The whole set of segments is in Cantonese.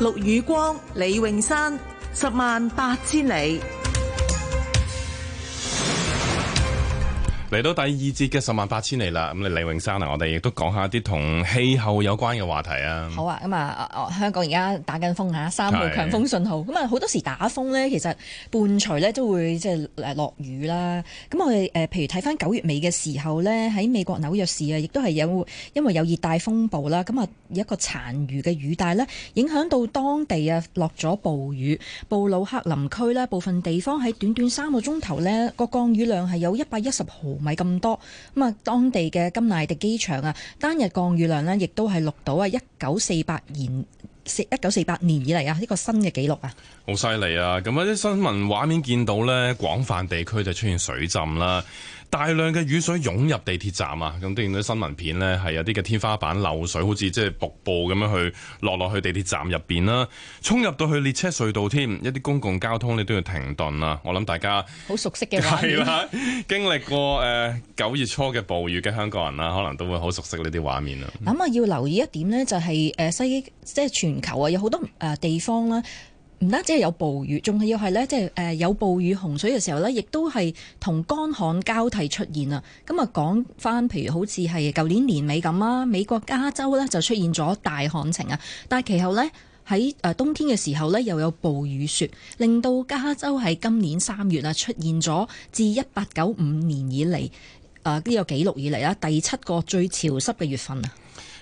陸宇光、李永山，十萬八千里。嚟到第二節嘅十萬八千里啦，咁啊李永山啊，我哋亦都講下啲同氣候有關嘅話題啊。好啊，咁啊，香港而家打緊風嚇，三號強風信號。咁啊是，好多時打風呢，其實伴隨呢都會即係誒落雨啦。咁我哋誒譬如睇翻九月尾嘅時候呢，喺美國紐約市啊，亦都係有因為有熱帶風暴啦，咁啊有一個殘餘嘅雨帶呢，影響到當地啊落咗暴雨。布魯克林區呢，部分地方喺短短三個鐘頭呢，個降雨量係有一百一十毫。唔係咁多咁啊！當地嘅甘迺迪機場啊，單日降雨量咧，亦都係錄到啊一九四八年四一九四八年以嚟、呢個、啊，呢個新嘅紀錄啊！好犀利啊！咁啊啲新聞畫面見到呢廣泛地區就出現水浸啦。大量嘅雨水湧入地鐵站啊！咁都見到新聞片呢，係有啲嘅天花板漏水，好似即係瀑布咁樣去落落去地鐵站入邊啦，衝入到去列車隧道添。一啲公共交通你都要停頓啦、啊。我諗大家好熟悉嘅，係啦，經歷過誒九、呃、月初嘅暴雨嘅香港人啦、啊，可能都會好熟悉呢啲畫面啦。諗啊，想要留意一點呢，就係、是、誒、呃、西即係全球啊，有好多、呃、地方啦、啊。唔單止係有暴雨，仲係要係呢？即係有暴雨洪水嘅時候呢，亦都係同乾旱交替出現啊！咁啊，講翻譬如好似係舊年年尾咁啊，美國加州呢就出現咗大旱情啊，但係其後呢，喺冬天嘅時候呢，又有暴雨雪，令到加州喺今年三月啊出現咗自一八九五年以嚟呢、呃呢個紀錄以嚟啦第七個最潮濕嘅月份啊！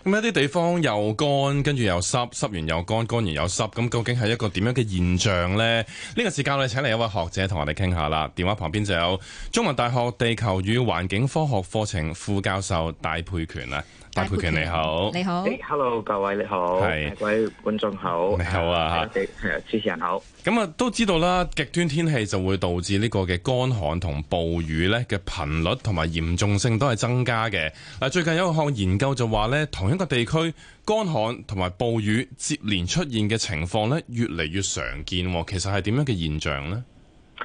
咁一啲地方又乾，跟住又濕，濕完又乾，乾完又濕，咁究竟係一個點樣嘅現象呢？呢、呢個時間我哋請嚟一位學者同我哋傾下啦。電話旁邊就有中文大學地球與環境科學課程副教授戴沛權啊。戴沛權，你好，你好 hey,，Hello，各位你好，係是，各位觀眾好，你好啊吓，係啊，主持人好。咁啊，啊知都知道啦，極端天氣就會導致呢個嘅乾旱同暴雨咧嘅頻率同埋嚴重性都係增加嘅。嗱，最近有一項研究就話咧，同一個地區乾旱同埋暴雨接連出現嘅情況咧，越嚟越常見，其實係點樣嘅現象咧？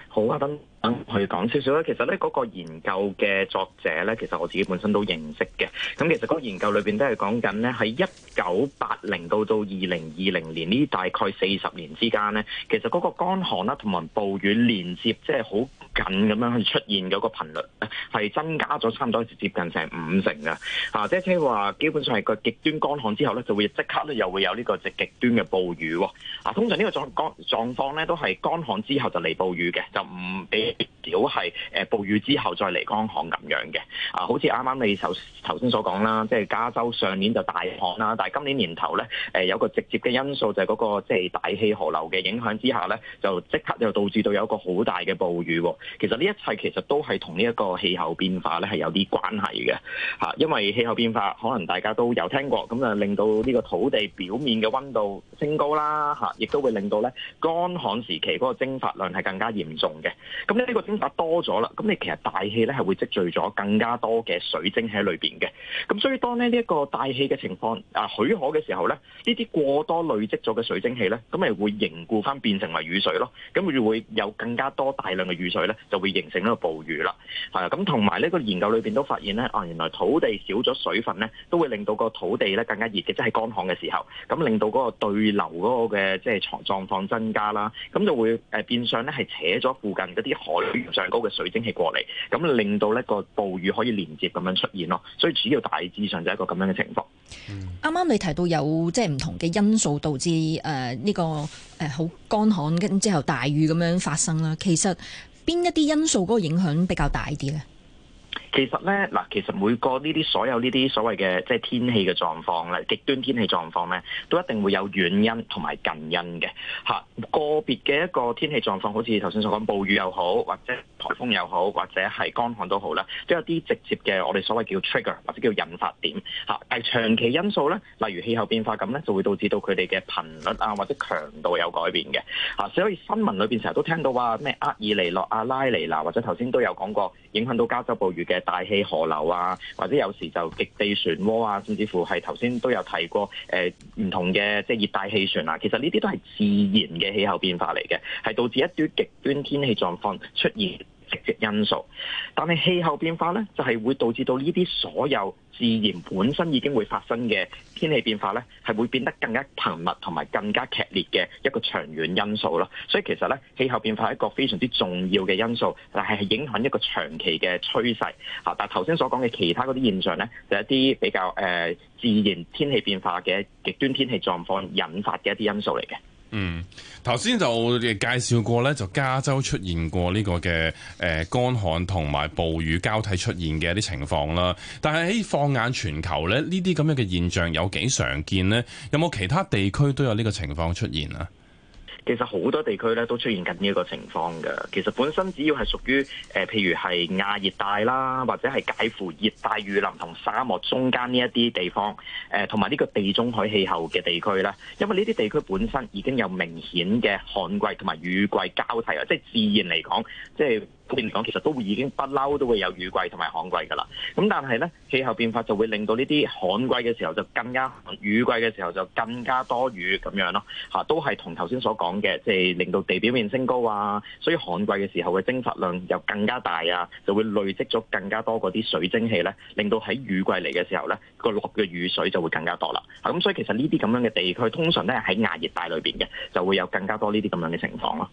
好啊，斌。去講少少，其實咧嗰個研究嘅作者咧，其實我自己本身都認識嘅。咁其實嗰個研究裏面都係講緊咧，喺一九八零到到二零二零年呢，大概四十年之間咧，其實嗰個乾旱啦同埋暴雨連接，即係好近咁樣去出現嗰個頻率咧，係增加咗差唔多接近成五成嘅。啊，即係話基本上係個極端乾旱之後咧，就會即刻咧又會有呢個極端嘅暴雨喎。啊，通常呢個狀況咧都係乾旱之後就嚟暴雨嘅，就唔俾。少係誒暴雨之後再嚟乾旱咁樣嘅啊，好似啱啱你頭頭先所講啦，即係加州上年就大旱啦，但係今年年頭咧誒有個直接嘅因素就係嗰個即係大氣河流嘅影響之下咧，就即刻就導致到有一個好大嘅暴雨。其實呢一切其實都係同呢一個氣候變化咧係有啲關係嘅嚇，因為氣候變化可能大家都有聽過，咁啊令到呢個土地表面嘅溫度升高啦嚇，亦都會令到咧乾旱時期嗰個蒸發量係更加嚴重嘅咁。呢個蒸發多咗啦，咁你其實大氣咧係會積聚咗更加多嘅水蒸氣喺裏邊嘅，咁所以當咧呢一個大氣嘅情況啊許可嘅時候咧，呢啲過多累積咗嘅水蒸氣咧，咁咪會凝固翻變成為雨水咯，咁就會有更加多大量嘅雨水咧就會形成一個暴雨啦，係咁，同埋呢個研究裏邊都發現咧，啊原來土地少咗水分咧都會令到個土地咧更加熱嘅，即係乾旱嘅時候，咁令到嗰個對流嗰個嘅即係狀狀況增加啦，咁就會誒變相咧係扯咗附近嗰啲海上高嘅水蒸氣過嚟，咁令到呢個暴雨可以連接咁樣出現咯，所以主要大致上就係一個咁樣嘅情況。啱啱你提到有即係唔同嘅因素導致誒呢、呃這個誒好、呃、乾旱跟之後大雨咁樣發生啦，其實邊一啲因素嗰個影響比較大啲咧？其實咧嗱，其實每個呢啲所有呢啲所謂嘅即係天氣嘅狀況咧，極端天氣狀況咧，都一定會有遠因同埋近因嘅嚇。個別嘅一個天氣狀況，好似頭先所講暴雨又好，或者颱風又好，或者係乾旱都好啦，都有啲直接嘅我哋所謂叫 trigger 或者叫引發點嚇。但係長期因素咧，例如氣候變化咁咧，就會導致到佢哋嘅頻率啊或者強度有改變嘅嚇。所以新聞裏邊成日都聽到話咩厄爾尼諾啊、阿拉尼娜，或者頭先都有講過影響到加州暴雨嘅，大氣河流啊，或者有時就極地漩渦啊，甚至乎係頭先都有提過誒唔、呃、同嘅即係熱帶氣旋啊，其實呢啲都係自然嘅氣候變化嚟嘅，係導致一啲極端天氣狀況出現，因素，但係氣候變化咧，就係、是、會導致到呢啲所有自然本身已經會發生嘅天氣變化咧，係會變得更加頻密同埋更加劇烈嘅一個長遠因素咯。所以其實咧，氣候變化係一個非常之重要嘅因素，但係係影響一個長期嘅趨勢吓。但係頭先所講嘅其他嗰啲現象咧，就係、一啲比較誒、呃、自然天氣變化嘅極端天氣狀況引發嘅一啲因素嚟嘅。嗯，頭先就介紹過呢，就加州出現過呢個嘅誒、呃、乾旱同埋暴雨交替出現嘅一啲情況啦。但係喺放眼全球呢，呢啲咁樣嘅現象有幾常見呢？有冇其他地區都有呢個情況出現啊？其實好多地區咧都出現緊呢一個情況㗎。其實本身只要係屬於誒，譬如係亞熱帶啦，或者係介乎熱帶雨林同沙漠中間呢一啲地方，誒同埋呢個地中海氣候嘅地區咧，因為呢啲地區本身已經有明顯嘅旱季同埋雨季交替啊，即係自然嚟講，即係。講，其實都會已經不嬲，都會有雨季同埋旱季噶啦。咁但係咧，氣候變化就會令到呢啲旱季嘅時候就更加，雨季嘅時候就更加多雨咁樣咯。吓、啊，都係同頭先所講嘅，即係令到地表面升高啊，所以旱季嘅時候嘅蒸發量又更加大啊，就會累積咗更加多嗰啲水蒸氣咧，令到喺雨季嚟嘅時候咧個落嘅雨水就會更加多啦。吓、啊，咁所以其實呢啲咁樣嘅地區通常咧喺亞熱帶裏邊嘅，就會有更加多呢啲咁樣嘅情況咯。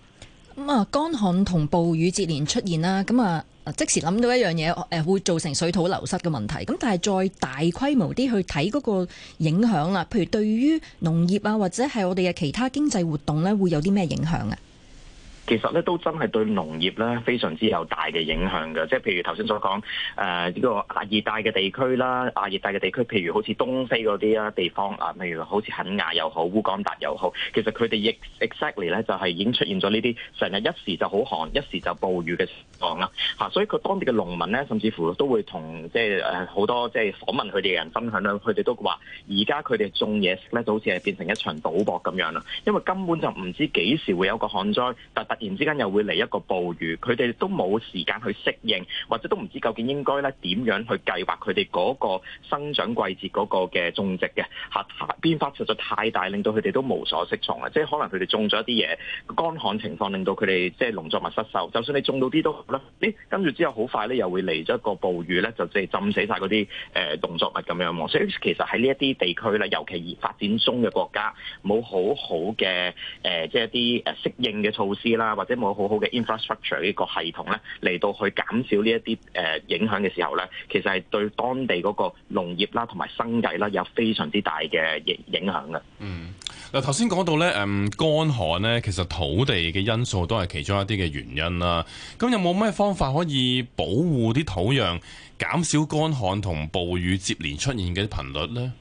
咁啊，乾旱同暴雨接連出現啦，咁啊即時諗到一樣嘢，誒，會造成水土流失嘅問題。咁但係再大規模啲去睇嗰個影響啦，譬如對於農業啊，或者係我哋嘅其他經濟活動呢，會有啲咩影響啊？其實咧都真係對農業咧非常之有大嘅影響㗎，即係譬如頭先所講誒呢個亞熱帶嘅地區啦，亞熱帶嘅地區，譬如好似東非嗰啲啊地方啊，例如好似肯亞又好，烏干達又好，其實佢哋亦 exactly 咧就係已經出現咗呢啲成日一時就好旱、一時就暴雨嘅情況啦吓，所以佢當地嘅農民咧，甚至乎都會同即係誒好多即係訪問佢哋嘅人分享啦，佢哋都話而家佢哋種嘢食咧就好似係變成一場賭博咁樣啦，因為根本就唔知幾時會有個旱災突突。然之間又會嚟一個暴雨，佢哋都冇時間去適應，或者都唔知究竟應該咧點樣去計劃佢哋嗰個生長季節嗰個嘅種植嘅嚇，變化實在太大，令到佢哋都無所適從啊！即係可能佢哋種咗一啲嘢，乾旱情況令到佢哋即係農作物失收。就算你種到啲都好啦，跟住之後好快咧又會嚟咗一個暴雨咧，就即係浸死晒嗰啲誒農作物咁樣。所以其實喺呢一啲地區啦，尤其而發展中嘅國家冇好好嘅誒，即係一啲誒適應嘅措施啦。或者冇好好嘅 infrastructure 呢個系統咧，嚟到去減少呢一啲誒影響嘅時候咧，其實係對當地嗰個農業啦、啊，同埋生計啦、啊，有非常之大嘅影響嘅。嗯，嗱，頭先講到咧，誒，乾旱咧，其實土地嘅因素都係其中一啲嘅原因啦。咁有冇咩方法可以保護啲土壤，減少乾旱同暴雨接連出現嘅頻率咧？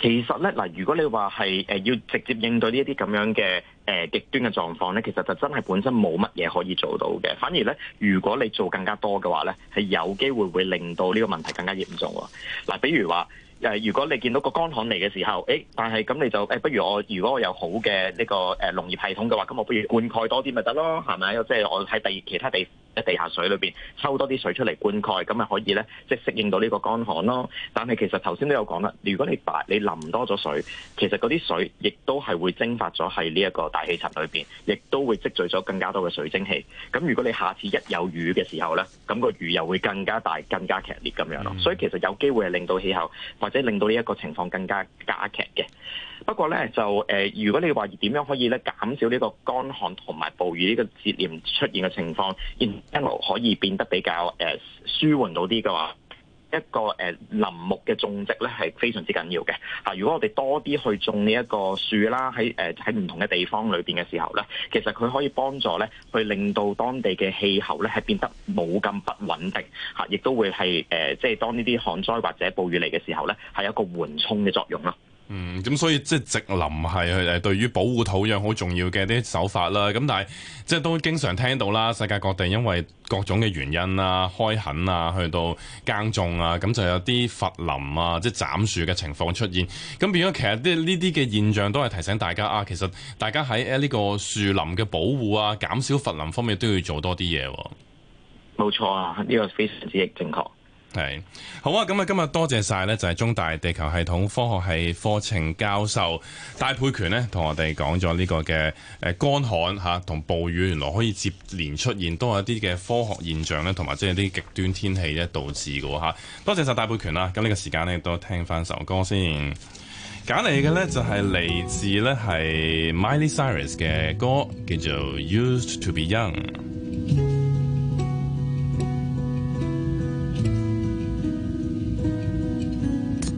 其實咧嗱，如果你話係要直接應對這這、呃、呢一啲咁樣嘅誒極端嘅狀況咧，其實就真係本身冇乜嘢可以做到嘅。反而咧，如果你做更加多嘅話咧，係有機會會令到呢個問題更加嚴重喎。嗱、啊，比如話、呃、如果你見到個乾旱嚟嘅時候，誒、哎，但係咁你就誒、哎，不如我如果我有好嘅呢、這個誒農、呃、業系統嘅話，咁我不如灌溉多啲咪得咯，係咪？即、就、係、是、我喺第其他地。喺地下水裏面收多啲水出嚟灌溉，咁咪可以呢？即係適應到呢個乾旱咯。但係其實頭先都有講啦，如果你白你淋多咗水，其實嗰啲水亦都係會蒸發咗喺呢一個大氣層裏面，亦都會積聚咗更加多嘅水蒸氣。咁如果你下次一有雨嘅時候呢，咁個雨又會更加大、更加劇烈咁樣咯。所以其實有機會係令到氣候或者令到呢一個情況更加加劇嘅。不過呢，就誒、呃，如果你話點樣可以呢？減少呢個乾旱同埋暴雨呢個接連出現嘅情況，一路可以變得比較誒舒緩到啲嘅話，一個誒林木嘅種植咧係非常之緊要嘅嚇。如果我哋多啲去種呢一個樹啦，喺誒喺唔同嘅地方裏邊嘅時候咧，其實佢可以幫助咧，去令到當地嘅氣候咧係變得冇咁不穩定嚇，亦都會係誒即係當呢啲旱災或者暴雨嚟嘅時候咧，係有一個緩衝嘅作用咯。嗯，咁所以即係植林係佢誒對於保護土壤好重要嘅啲手法啦。咁但係即係都經常聽到啦，世界各地因為各種嘅原因啊、開墾啊、去到耕種啊，咁就有啲伐林啊、即係斬樹嘅情況出現。咁變咗，其實啲呢啲嘅現象都係提醒大家啊，其實大家喺誒呢個樹林嘅保護啊、減少伐林方面都要做多啲嘢。冇錯啊，呢個非常之正確。係好啊！咁啊，今日多謝晒呢就係中大地球系統科學係課程教授戴沛權呢同我哋講咗呢個嘅誒乾旱吓同暴雨，原來可以接連出現，多一啲嘅科學現象咧，同埋即係啲極端天氣咧導致嘅吓、啊。多謝晒戴沛權啦！咁呢個時間咧，都聽翻首歌先。揀嚟嘅呢就係、是、嚟自呢係 Miley Cyrus 嘅歌，叫做 Used to Be Young。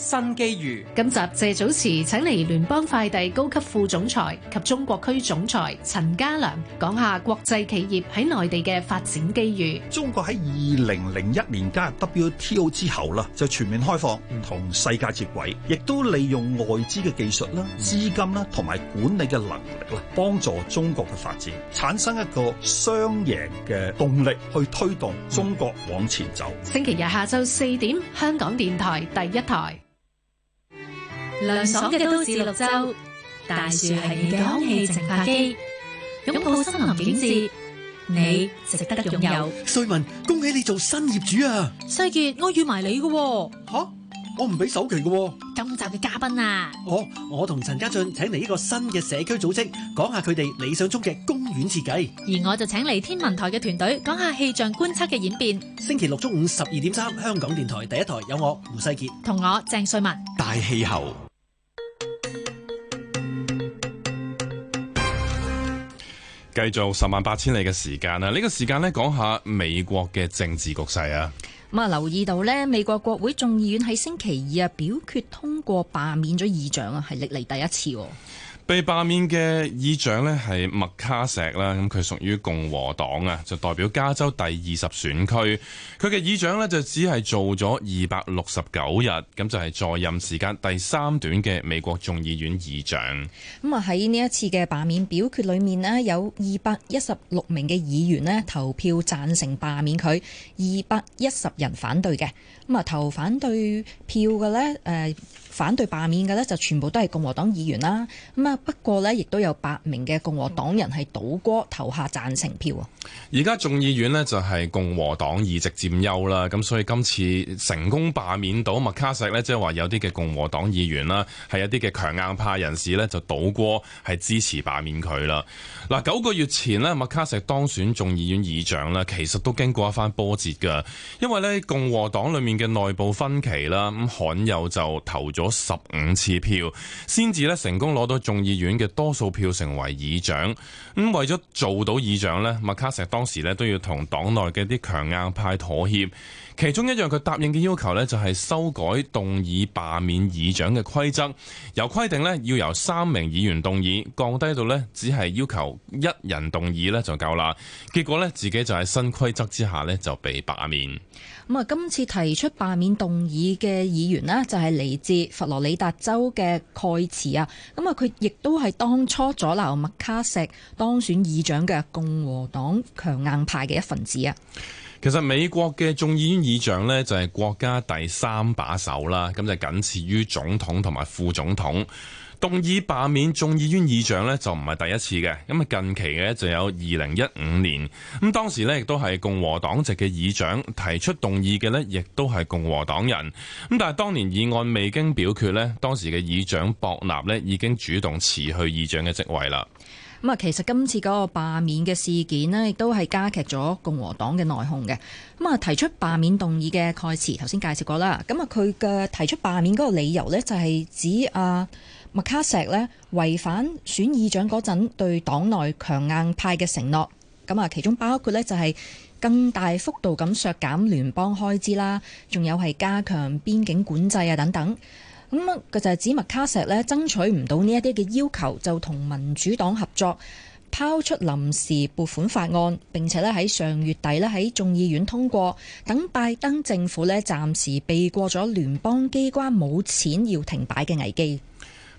新機遇。今集謝祖慈請嚟聯邦快遞高級副總裁及中國區總裁陳家良，講下國際企業喺內地嘅發展機遇。中國喺二零零一年加入 WTO 之後就全面開放，嗯、同世界接軌，亦都利用外資嘅技術啦、資、嗯、金啦同埋管理嘅能力啦，幫助中國嘅發展，產生一個雙贏嘅動力去推動中國往前走。嗯、星期日下晝四點，香港電台第一台。涼爽嘅都市綠洲，大樹係你嘅空氣淨化機，擁抱森林景致，你值得擁有。瑞文，恭喜你做新業主啊！世杰，我預埋你嘅，吓，我唔俾首期嘅。今集嘅嘉賓啊，我我同陳家俊請嚟一個新嘅社區組織，講下佢哋理想中嘅公園設計。而我就請嚟天文台嘅團隊，講下氣象觀測嘅演變。星期六中午十二點三，香港電台第一台有我胡世杰同我鄭瑞文大氣候。繼續十萬八千里嘅時間啦，呢個時間咧講下美國嘅政治局勢啊。咁啊，留意到咧，美國國會眾議院喺星期二啊表決通過罷免咗議長啊，係歷嚟第一次。被罷免嘅議長呢係麥卡錫啦，咁佢屬於共和黨啊，就代表加州第二十選區。佢嘅議長呢，就只係做咗二百六十九日，咁就係在任時間第三短嘅美國眾議院議長。咁啊，喺呢一次嘅罷免表決裏面呢，有二百一十六名嘅議員呢投票贊成罷免佢，二百一十人反對嘅。咁、嗯、啊投反對票嘅咧，誒、呃。反對罷免嘅呢，就全部都係共和黨議員啦。咁啊，不過呢，亦都有八名嘅共和黨人係倒戈投下贊成票。而家眾議院呢，就係共和黨議席佔優啦，咁所以今次成功罷免到麥卡錫呢，即係話有啲嘅共和黨議員啦，係一啲嘅強硬派人士呢，就倒戈係支持罷免佢啦。嗱，九個月前呢，麥卡錫當選眾議院議長呢，其實都經過一番波折嘅，因為呢，共和黨裡面嘅內部分歧啦，咁罕有就投咗十五次票，先至咧成功攞到眾議院嘅多數票，成為議長。咁為咗做到議長咧，麥卡錫當時咧都要同黨內嘅啲強硬派妥協。其中一樣佢答應嘅要求咧就係修改動議罷免議長嘅規則，由規定咧要由三名議員動議，降低到咧只係要求一人動議咧就夠啦。結果咧自己就喺新規則之下咧就被罷免。咁啊！今次提出罷免動議嘅議員呢，就係嚟自佛羅里達州嘅蓋茨啊！咁啊，佢亦都係當初阻擋麥卡錫當選議長嘅共和黨強硬派嘅一份子啊！其實美國嘅眾議院議長呢，就係國家第三把手啦，咁就僅次於總統同埋副總統。動議罷免眾議院議長呢，就唔係第一次嘅。咁啊，近期嘅就有二零一五年咁，當時呢亦都係共和黨籍嘅議長提出動議嘅呢，亦都係共和黨人咁。但係當年議案未經表決呢，當時嘅議長博納呢已經主動辭去議長嘅職位啦。咁啊，其實今次嗰個罷免嘅事件呢亦都係加劇咗共和黨嘅內訌嘅。咁啊，提出罷免動議嘅蓋茨頭先介紹過啦。咁啊，佢嘅提出罷免嗰個理由呢就係指啊。麥卡錫咧違反選議長嗰陣對黨內強硬派嘅承諾，咁啊，其中包括咧就係更大幅度咁削減聯邦開支啦，仲有係加強邊境管制啊，等等。咁佢就係指麥卡錫咧爭取唔到呢一啲嘅要求，就同民主黨合作拋出臨時撥款法案，並且咧喺上月底咧喺眾議院通過，等拜登政府咧暫時避過咗聯邦機關冇錢要停擺嘅危機。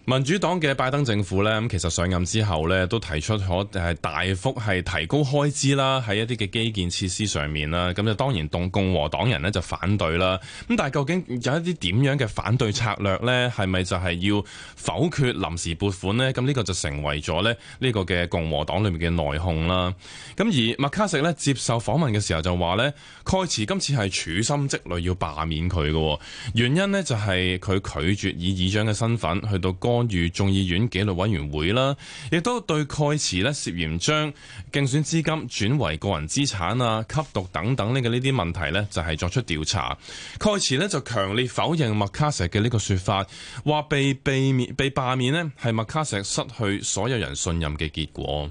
民主黨嘅拜登政府呢，其實上任之後呢，都提出可大幅係提高開支啦，喺一啲嘅基建設施上面啦。咁就當然同共和黨人呢，就反對啦。咁但係究竟有一啲點樣嘅反對策略呢？係咪就係要否決臨時撥款呢？咁呢個就成為咗呢、呢個嘅共和黨裏面嘅內訌啦。咁而麥卡錫呢，接受訪問嘅時候就話呢蓋茨今次係處心積慮要罷免佢嘅、哦、原因呢，就係佢拒絕以議長嘅身份去到關於眾議院紀律委員會啦，亦都對蓋茨咧涉嫌將競選資金轉為個人資產啊、吸毒等等呢嘅呢啲問題咧，就係、是、作出調查。蓋茨咧就強烈否認麥卡錫嘅呢個說法，話被罷免被罷免咧係麥卡錫失去所有人信任嘅結果。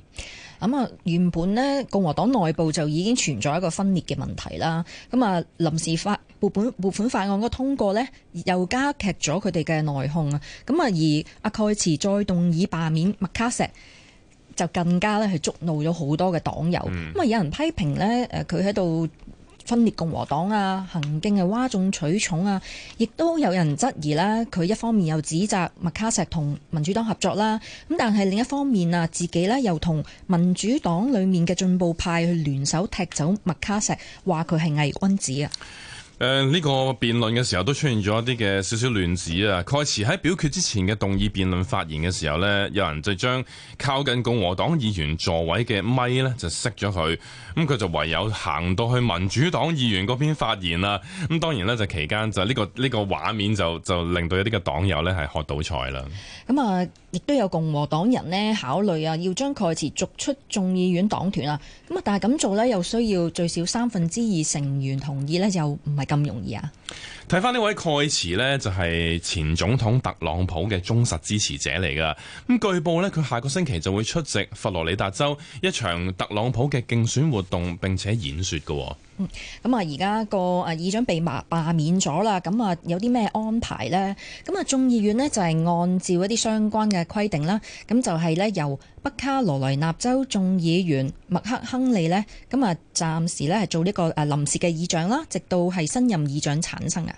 咁啊，原本咧共和黨內部就已經存在一個分裂嘅問題啦。咁啊，臨時法撥款撥款法案嘅通過咧，又加劇咗佢哋嘅內鬨啊。咁啊，而阿蓋茨再動議罷免麥卡錫，就更加咧係觸怒咗好多嘅黨友。咁啊、嗯，有人批評咧，誒佢喺度。分裂共和黨啊，行徑係嘩眾取寵啊，亦都有人質疑啦。佢一方面又指責麥卡錫同民主黨合作啦、啊，咁但係另一方面啊，自己呢又同民主黨裏面嘅進步派去聯手踢走麥卡錫，話佢係偽君子啊。誒、呢、呃這個辯論嘅時候都出現咗一啲嘅少少亂子啊！蓋茨喺表決之前嘅動議辯論發言嘅時候呢，有人就將靠近共和黨議員座位嘅咪呢就熄咗佢，咁、嗯、佢就唯有行到去民主黨議員嗰邊發言啦。咁、嗯、當然呢，就期間就呢、這個呢、這個畫面就就令到一啲嘅黨友呢係喝倒彩啦。咁啊，亦都有共和黨人呢考慮啊，要將蓋茨逐出眾議院黨團啊。咁啊，但係咁做呢，又需要最少三分之二成員同意呢，又唔係。咁容易啊？睇翻呢位蓋茨呢，就係、是、前總統特朗普嘅忠實支持者嚟噶。咁據報呢，佢下個星期就會出席佛羅里達州一場特朗普嘅競選活動並且演説㗎喎。咁啊、嗯，而家個啊議長被麻罷免咗啦，咁啊有啲咩安排呢？咁啊，眾議院呢，就係按照一啲相關嘅規定啦，咁就係呢，由北卡羅來納州眾議員麥克亨利呢，咁啊暫時呢，係做呢個臨時嘅議長啦，直到係新任議長產生啊。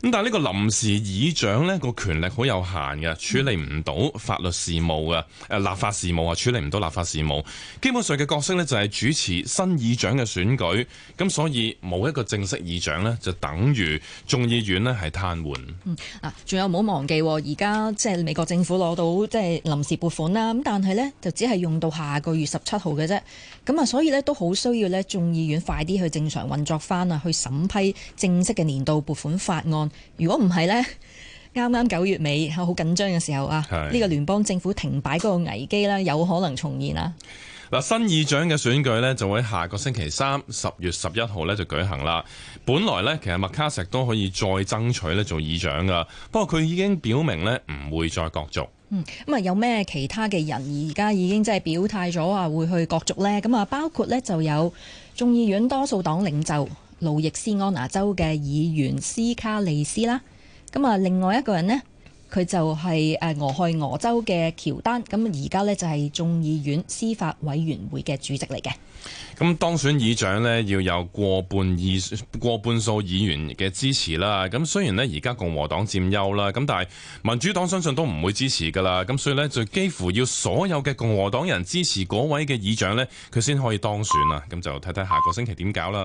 咁但係呢個臨時議長呢個權力好有限嘅，處理唔到法律事務嘅，誒立法事務啊處理唔到立法事務。基本上嘅角色呢，就係主持新議長嘅選舉。咁所以冇一個正式議長呢，就等於眾議院呢係癱瘓。嗯，嗱，仲有唔好忘記，而家即係美國政府攞到即係臨時撥款啦。咁但係呢，就只係用到下個月十七號嘅啫。咁啊，所以呢，都好需要呢眾議院快啲去正常運作翻啊，去審批正式嘅年度撥款法。如果唔係呢，啱啱九月尾好緊張嘅時候啊，呢個聯邦政府停擺嗰個危機呢有可能重現啊！嗱，新議長嘅選舉呢，就喺下個星期三，十月十一號呢就舉行啦。本來呢，其實麥卡錫都可以再爭取呢做議長噶，不過佢已經表明呢唔會再角逐。嗯，咁啊，有咩其他嘅人而家已經即係表態咗啊，會去角逐呢？咁啊，包括呢就有眾議院多數黨領袖。路易斯安那州嘅議員斯卡利斯啦，咁啊，另外一個人呢，佢就係誒俄亥俄州嘅喬丹，咁而家呢，就係眾議院司法委員會嘅主席嚟嘅。咁當選議長呢，要有過半議過半數議員嘅支持啦。咁雖然呢，而家共和黨佔優啦，咁但係民主黨相信都唔會支持㗎啦。咁所以呢，就幾乎要所有嘅共和黨人支持嗰位嘅議長呢，佢先可以當選啦。咁就睇睇下個星期點搞啦。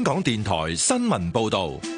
香港電台新聞報道。